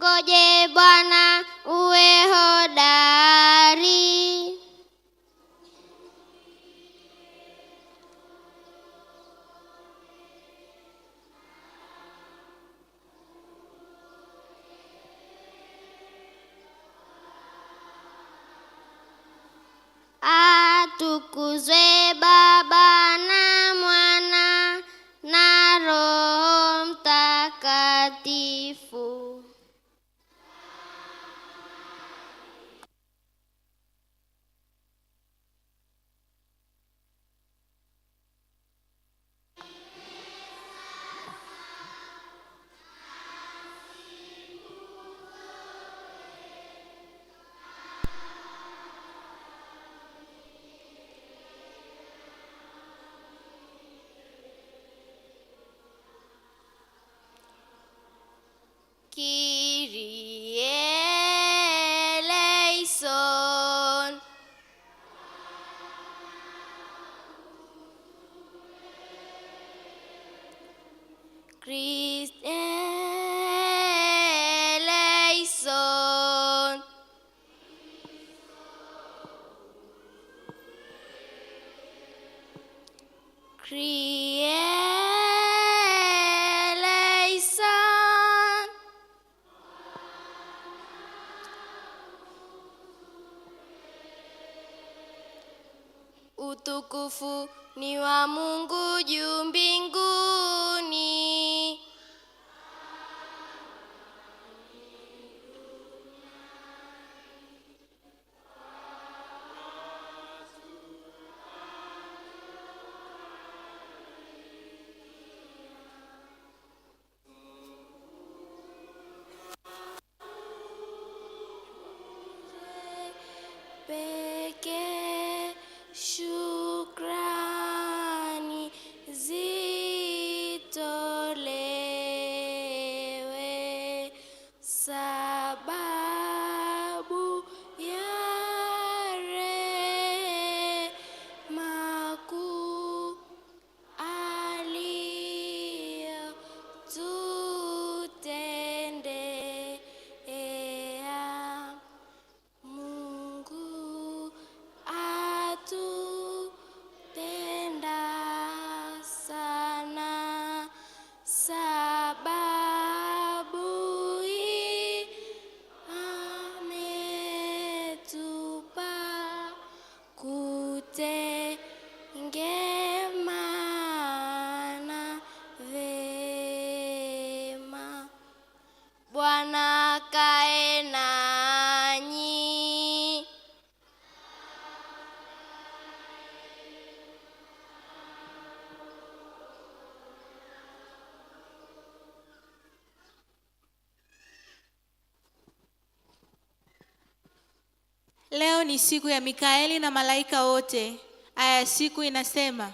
Mngoje Bwana. utukufu ni wa Mungu juu mbinguni. ni siku ya Mikaeli na malaika wote. Aya ya siku inasema,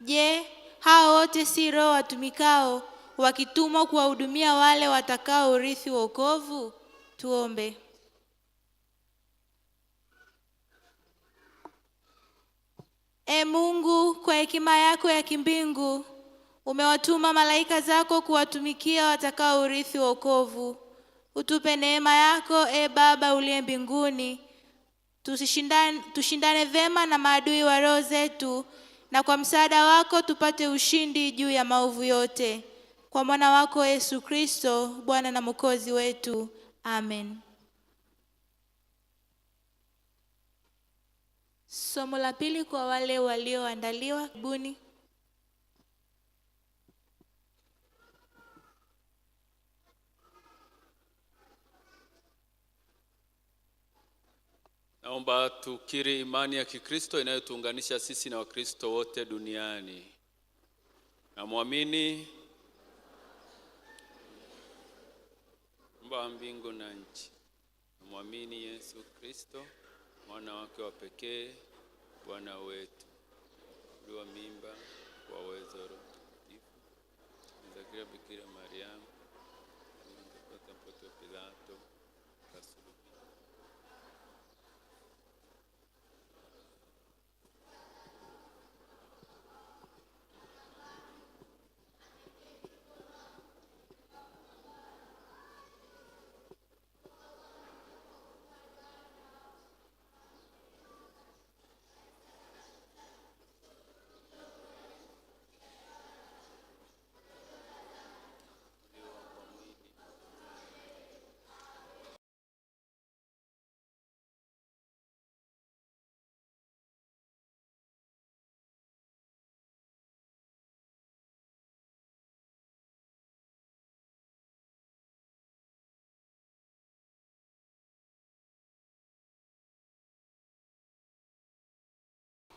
je, hao wote si roho watumikao wakitumwa kuwahudumia wale watakao urithi wokovu? Tuombe. E Mungu, kwa hekima yako ya kimbingu umewatuma malaika zako kuwatumikia watakao urithi wokovu. Utupe neema yako, e Baba uliye mbinguni Tushindane, vema na maadui wa roho zetu, na kwa msaada wako tupate ushindi juu ya maovu yote, kwa mwana wako Yesu Kristo, Bwana na Mwokozi wetu, amen. Somo la pili kwa wale walioandaliwa buni Naomba tukiri imani ya Kikristo inayotuunganisha sisi na Wakristo wote duniani. Namwamini Mungu wa mbingu na nchi, namwamini Yesu Kristo mwana wake wa pekee, Bwana wetu, uliwa mimba kwa uwezo wa Roho Mtakatifu, Bikira Mariamu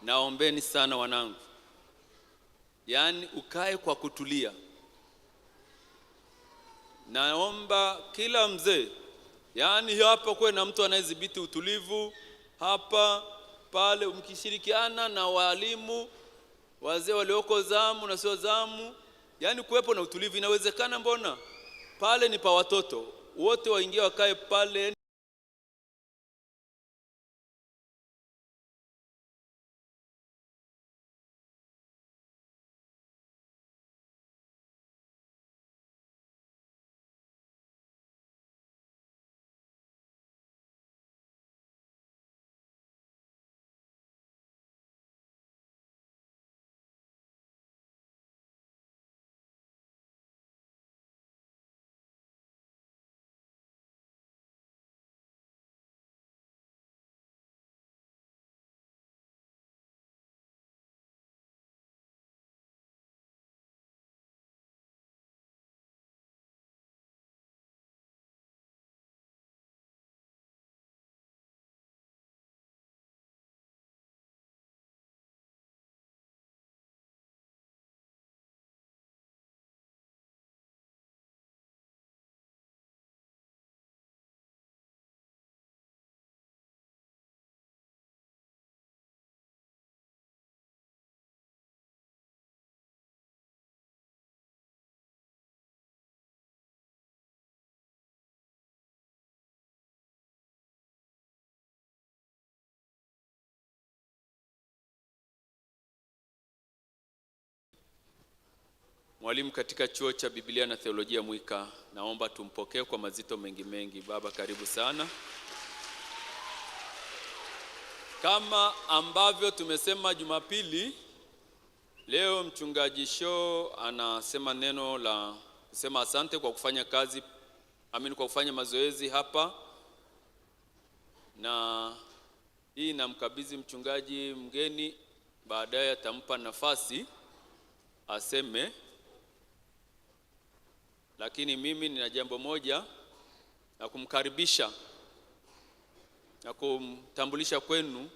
naombeni sana wanangu, yaani ukae kwa kutulia. Naomba kila mzee, yaani hapa kuwe na mtu anayedhibiti utulivu hapa pale, mkishirikiana na walimu wazee walioko zamu na sio zamu, yaani kuwepo na utulivu. Inawezekana, mbona pale ni pa watoto wote waingie wakae pale. Mwalimu katika chuo cha Biblia na Theolojia Mwika, naomba tumpokee kwa mazito mengi mengi. Baba, karibu sana. Kama ambavyo tumesema Jumapili, leo mchungaji Shoo anasema neno la kusema asante kwa kufanya kazi amini, kwa kufanya mazoezi hapa, na hii namkabidhi mchungaji mgeni, baadaye atampa nafasi aseme lakini mimi nina jambo moja na kumkaribisha na kumtambulisha kwenu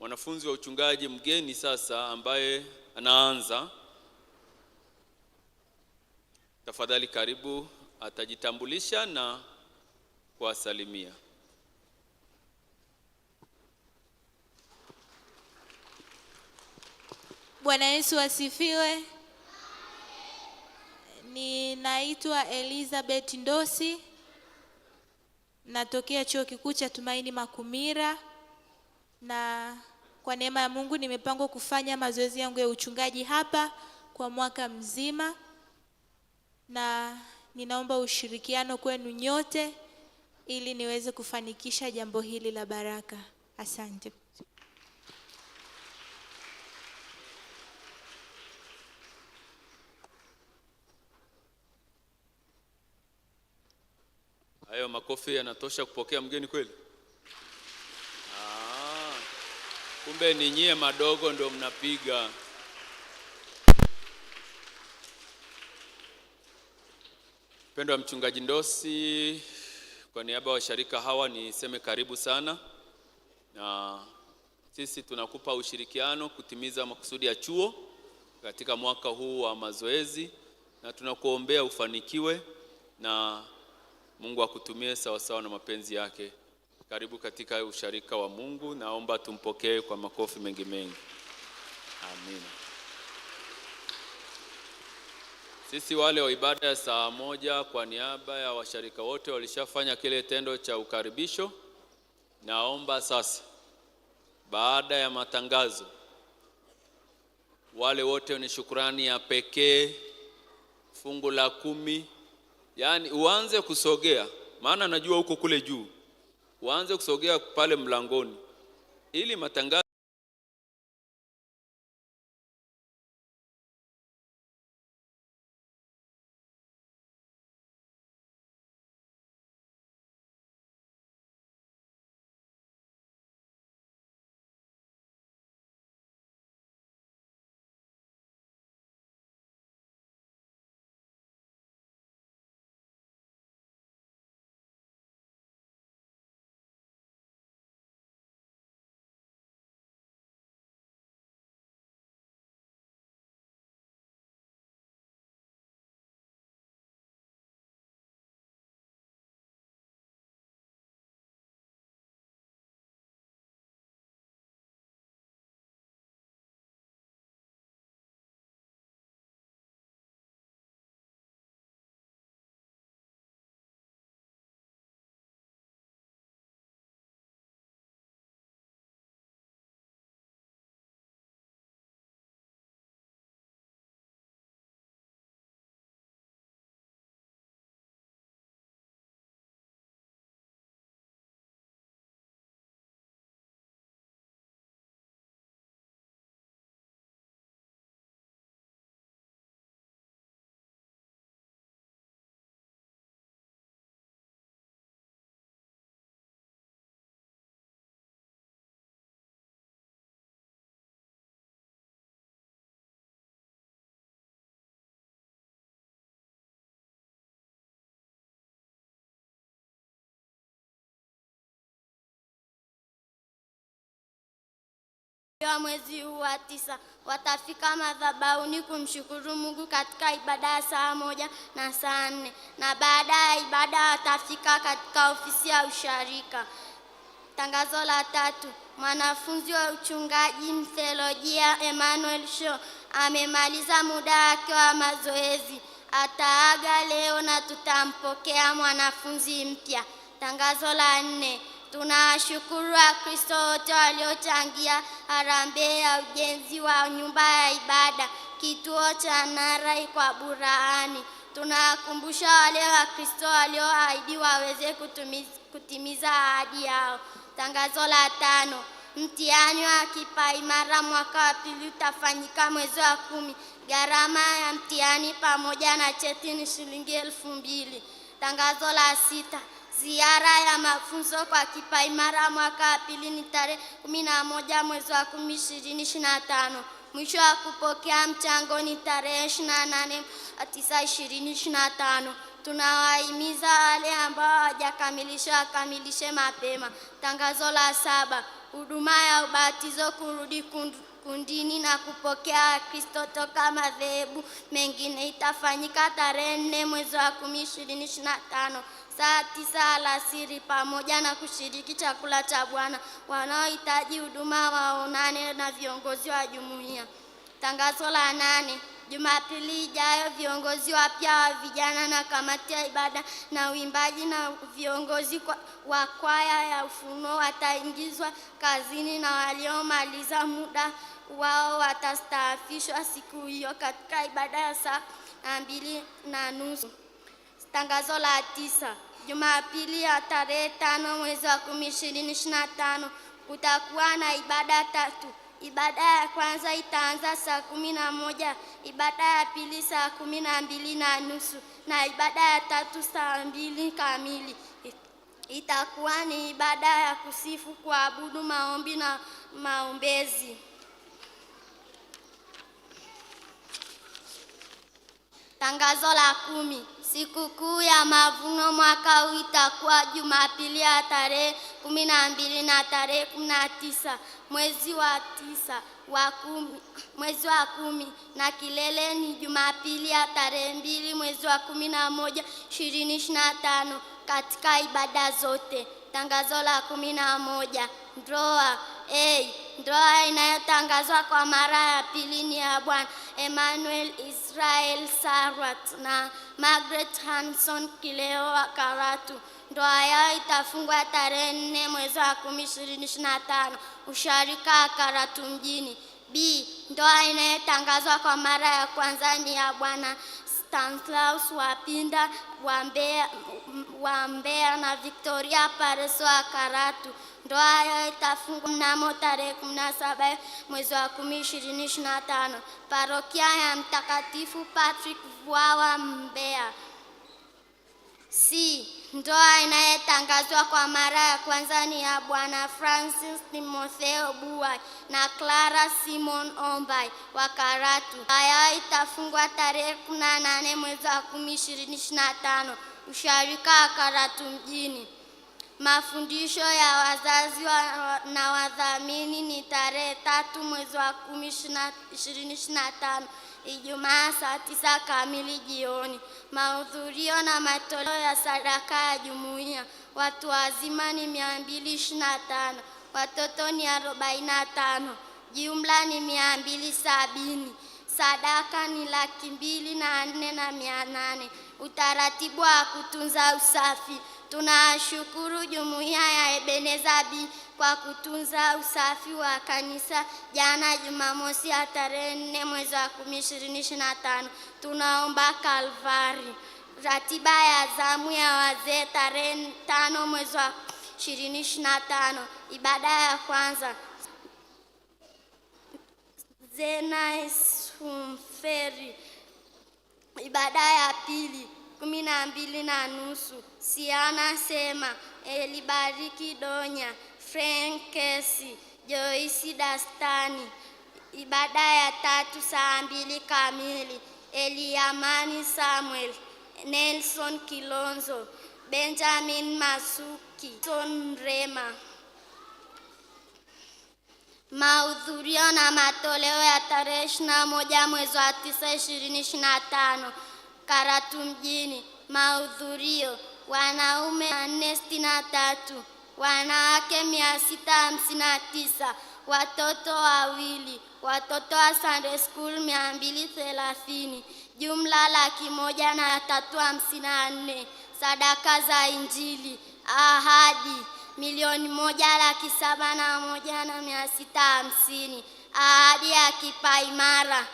mwanafunzi wa uchungaji mgeni sasa, ambaye anaanza. Tafadhali karibu, atajitambulisha na kuwasalimia. Bwana Yesu asifiwe. Ninaitwa Elizabeth Ndosi, natokea Chuo Kikuu cha Tumaini Makumira, na kwa neema ya Mungu nimepangwa kufanya mazoezi yangu ya uchungaji hapa kwa mwaka mzima, na ninaomba ushirikiano kwenu nyote ili niweze kufanikisha jambo hili la baraka. Asante. Hayo makofi yanatosha kupokea mgeni kweli? Ah, kumbe ni nyie madogo ndio mnapiga. Mpendwa mchungaji Ndosi, kwa niaba ya washirika hawa niseme karibu sana, na sisi tunakupa ushirikiano kutimiza makusudi ya chuo katika mwaka huu wa mazoezi, na tunakuombea ufanikiwe na Mungu akutumie sawasawa na mapenzi yake. Karibu katika usharika wa Mungu. Naomba tumpokee kwa makofi mengi mengi. Amina. Sisi wale wa ibada ya saa moja kwa niaba ya washarika wote walishafanya kile tendo cha ukaribisho. Naomba sasa, baada ya matangazo, wale wote ni shukrani ya pekee fungu la kumi yaani uanze kusogea, maana najua huko kule juu, uanze kusogea pale mlangoni ili matangazo wa mwezi huu wa tisa watafika madhabahuni kumshukuru Mungu katika ibada ya saa moja na saa nne na baada ya ibada watafika katika ofisi ya usharika. Tangazo la tatu, mwanafunzi wa uchungaji mtheolojia Emmanuel Shaw amemaliza muda wake wa mazoezi, ataaga leo na tutampokea mwanafunzi mpya. Tangazo la nne Tunashukuru Wakristo wote waliochangia harambee ya ujenzi wa nyumba ya ibada kituo cha Narai kwa Burahani. Tunawakumbusha wale Wakristo walioahidi waweze kutimiza ahadi yao. Tangazo la tano. Mtihani wa kipaimara mwaka wa pili utafanyika mwezi wa kumi. Gharama ya mtihani pamoja na cheti ni shilingi elfu mbili. Tangazo la sita. Ziara ya mafunzo kwa kipaimara mwaka wa pili ni tarehe kumi na moja mwezi wa kumi ishirini ishirini na tano. Mwisho wa kupokea mchango ni tarehe ishirini na nane tisa ishirini ishirini na tano. Tunawahimiza wale ambao hawajakamilisha wakamilishe mapema. Tangazo la saba, huduma ya ubatizo kurudi kundu kundini na kupokea Kristo toka madhehebu mengine. Itafanyika tarehe nne mwezi wa kumi ishirini ishirini na tano saa tisa alasiri, pamoja na kushiriki chakula cha Bwana. Wanaohitaji huduma waonane na viongozi wa jumuiya. Tangazo la nane. Jumapili ijayo viongozi wapya wa vijana na kamati ya ibada na uimbaji na viongozi wa kwaya ya Ufunuo wataingizwa kazini na waliomaliza muda wao watastaafishwa siku hiyo katika ibada ya saa mbili na nusu. Tangazo la tisa. Jumapili ya tarehe tano mwezi wa kumi ishirini na tano kutakuwa na ibada tatu. Ibada ya kwanza itaanza saa kumi na moja, ibada ya pili saa kumi na mbili na nusu na ibada ya tatu saa mbili kamili. Itakuwa ni ibada ya kusifu, kuabudu, maombi na maombezi. Tangazo la kumi. Sikukuu ya mavuno mwaka huu itakuwa Jumapili ya tarehe kumi na mbili na tarehe kumi na tisa mwezi wa tisa wa kumi, mwezi wa kumi na kilele ni Jumapili ya tarehe mbili mwezi wa kumi na moja ishirini ishirini na tano katika ibada zote. Tangazo la kumi na moja ndoa A. Ndoa inayotangazwa kwa mara ya pili ni ya Bwana Emmanuel Israel Sarwat na Margaret Hanson Kileo wa Karatu. Ndoa yao itafungwa tarehe nne mwezi wa kumi ishirini na tano usharika wa Karatu mjini. B. Ndoa inayotangazwa kwa mara ya kwanza ni ya Bwana Stanislaus Wapinda wa Mbeya na Victoria Pareso wa Karatu. Ndoa yao itafungwa mnamo tarehe kumi na saba mwezi wa kumi ishirini ishirini na tano parokia ya Mtakatifu Patrick Vwawa Mbeya. Si ndoa inayetangazwa kwa mara ya kwanza ni ya Bwana Francis Timotheo Bua na Clara Simon Ombai wa Karatu. Ndoa yao itafungwa tarehe kumi na nane mwezi wa kumi ishirini ishirini na tano usharika wa Karatu mjini. Mafundisho ya wazazi wa, na wadhamini ni tarehe tatu mwezi wa kumi ishirini na tano Ijumaa saa tisa kamili jioni. Mahudhurio na matoleo ya sadaka ya jumuiya, watu wazima ni mia mbili ishirini na tano watoto ni arobaini na tano jumla ni mia mbili sabini Sadaka ni laki mbili na nne na mia nane Utaratibu wa kutunza usafi Tunashukuru jumuiya ya Ebenezabi kwa kutunza usafi wa kanisa jana Jumamosi ya tarehe nne mwezi wa kumi ishirini na tano. Tunaomba Kalvari. Ratiba ya zamu ya wazee tarehe tano mwezi wa ishirini na tano, ibada ya kwanza Zenas Humferi, ibada ya pili kumi na mbili na nusu Siana Sema, Elibariki Donya, Frank Kesi, Joyce Dastani. Ibada ya tatu saa mbili kamili Eliamani Samuel, Nelson Kilonzo, Benjamin Masuki, Son Rema. Mahudhurio na matoleo ya tarehe ishirini na moja mwezi wa tisa ishirini ishirini na tano Karatu mjini, mahudhurio wanaume mia sitini na tatu wanawake mia sita hamsini na tisa watoto wawili watoto wa Sunday school mia mbili thelathini jumla laki moja na tatu hamsini na nne sadaka za Injili ahadi milioni moja laki saba na moja na mia sita hamsini ahadi ya kipaimara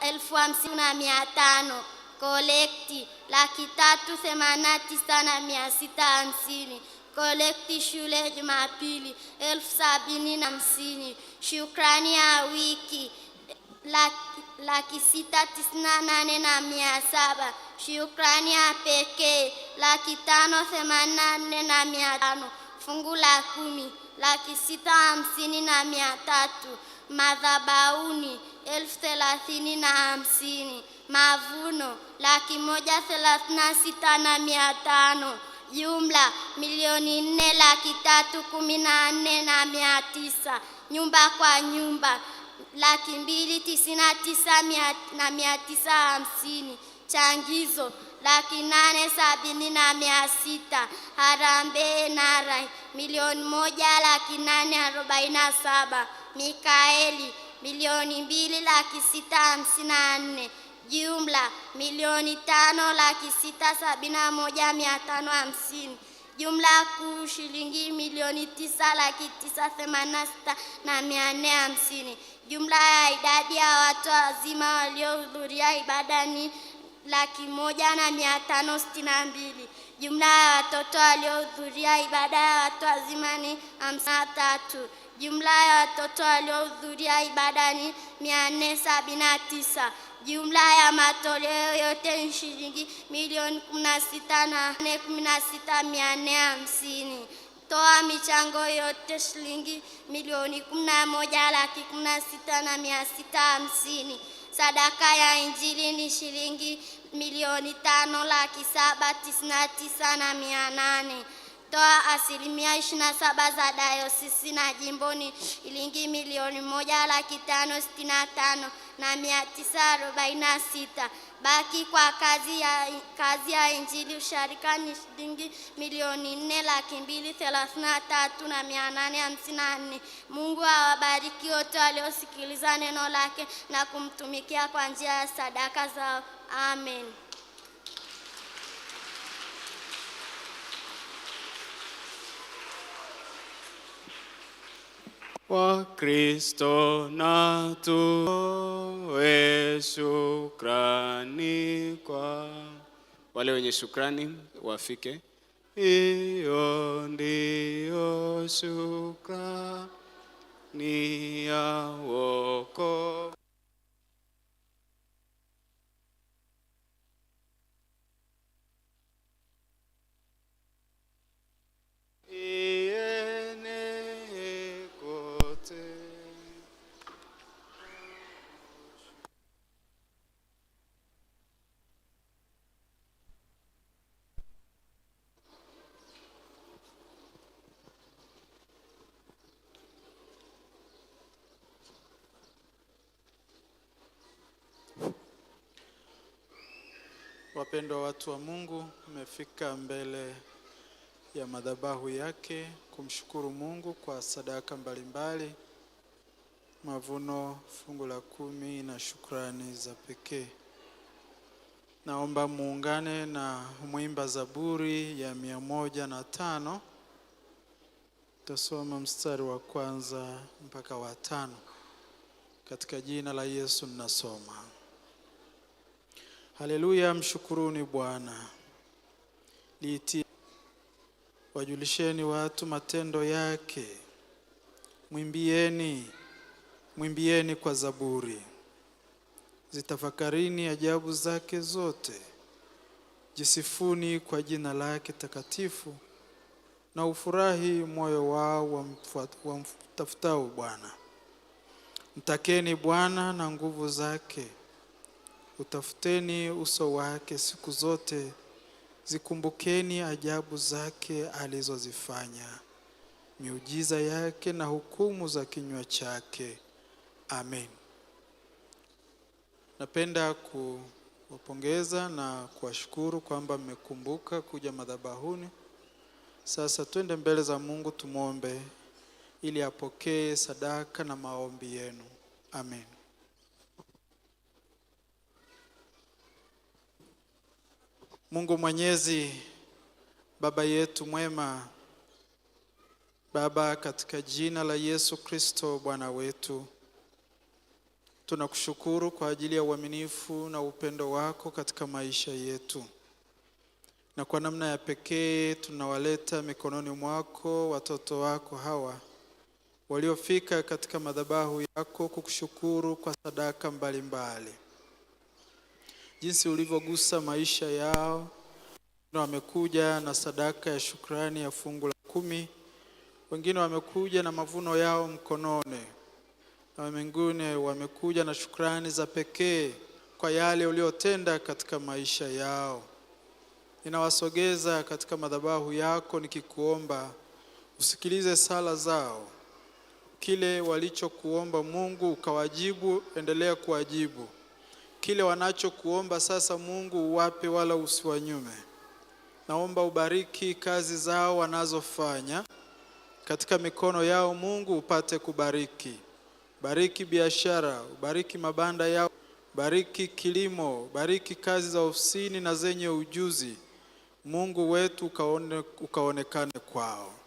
elfu hamsini na mia tano kolekti laki tatu themanini na tisa na mia sita hamsini kolekti shule Jumapili elfu sabini na hamsini shukrani ya wiki laki, laki sita tisini na nane na mia saba shukrani ya pekee laki tano themanini na nne na mia tano fungu la kumi laki sita hamsini na mia tatu madhabauni elfu thelathini na hamsini mavuno laki moja thelathini na sita na mia tano jumla milioni nne laki tatu kumi na nne na mia tisa nyumba kwa nyumba laki mbili tisini na tisa mia, na mia tisa hamsini changizo laki nane sabini na mia sita harambee narai milioni moja laki nane arobaini na saba Mikaeli milioni mbili laki sita hamsini na nne jumla milioni tano laki sita sabini na moja mia tano hamsini jumla kuu shilingi milioni tisa laki tisa themanini na sita na mia nne hamsini jumla ya idadi ya watu wazima waliohudhuria ibada ni laki moja na mia tano sitini na mbili jumla ya watoto waliohudhuria ibada ya watu wazima ni hamsini na tatu Jumla ya watoto waliohudhuria ibada ni mia nne sabini na tisa. Jumla ya matoleo yote ni shilingi milioni kumi na sita na nne kumi na sita mia nne hamsini. Toa michango yote shilingi milioni kumi na moja laki kumi na sita na mia sita hamsini. Sadaka ya Injili ni shilingi milioni tano laki saba tisini na tisa na mia nane toa asilimia ishirini saba za dayosisi na jimboni shilingi milioni moja laki tano sitini na tano na mia tisa arobaini na sita baki kwa kazi ya, kazi ya Injili usharika ni shilingi milioni nne laki mbili thelathini na tatu na mia nane hamsini na nne. Mungu awabariki wote waliosikiliza neno lake na kumtumikia kwa njia ya sadaka zao. Amen. wa Kristo na tuwe shukrani kwa wale wenye shukrani wafike. Hiyo ndio shukrani ya woko Yeah. Wapendwa watu wa Mungu, mmefika mbele ya madhabahu yake kumshukuru Mungu kwa sadaka mbalimbali, mavuno, fungu la kumi na shukrani za pekee. Naomba muungane na mwimba Zaburi ya mia moja na tano. Tutasoma mstari wa kwanza mpaka wa tano. Katika jina la Yesu ninasoma. Haleluya, mshukuruni Bwana. Liiti, wajulisheni watu matendo yake, mwimbieni, mwimbieni kwa zaburi, zitafakarini ajabu zake zote, jisifuni kwa jina lake takatifu, na ufurahi moyo wao wamtafutao Bwana. Mtakeni Bwana na nguvu zake Utafuteni uso wake siku zote, zikumbukeni ajabu zake alizozifanya, miujiza yake na hukumu za kinywa chake. Amen. Napenda kuwapongeza na kuwashukuru kwamba mmekumbuka kuja madhabahuni. Sasa twende mbele za Mungu tumwombe ili apokee sadaka na maombi yenu. Amen. Mungu Mwenyezi, Baba yetu mwema, Baba, katika jina la Yesu Kristo Bwana wetu, tunakushukuru kwa ajili ya uaminifu na upendo wako katika maisha yetu, na kwa namna ya pekee tunawaleta mikononi mwako watoto wako hawa waliofika katika madhabahu yako kukushukuru kwa sadaka mbalimbali mbali jinsi ulivyogusa maisha yao na wamekuja na sadaka ya shukrani ya fungu la kumi, wengine wamekuja na mavuno yao mkononi, na wengine wamekuja na shukrani za pekee kwa yale uliotenda katika maisha yao. Ninawasogeza katika madhabahu yako nikikuomba usikilize sala zao, kile walichokuomba Mungu ukawajibu, endelea kuwajibu kile wanachokuomba sasa, Mungu uwape, wala usiwanyume. Naomba ubariki kazi zao wanazofanya katika mikono yao, Mungu upate kubariki. Bariki biashara, ubariki mabanda yao, bariki kilimo, bariki kazi za ofisini na zenye ujuzi. Mungu wetu ukaone, ukaonekane kwao.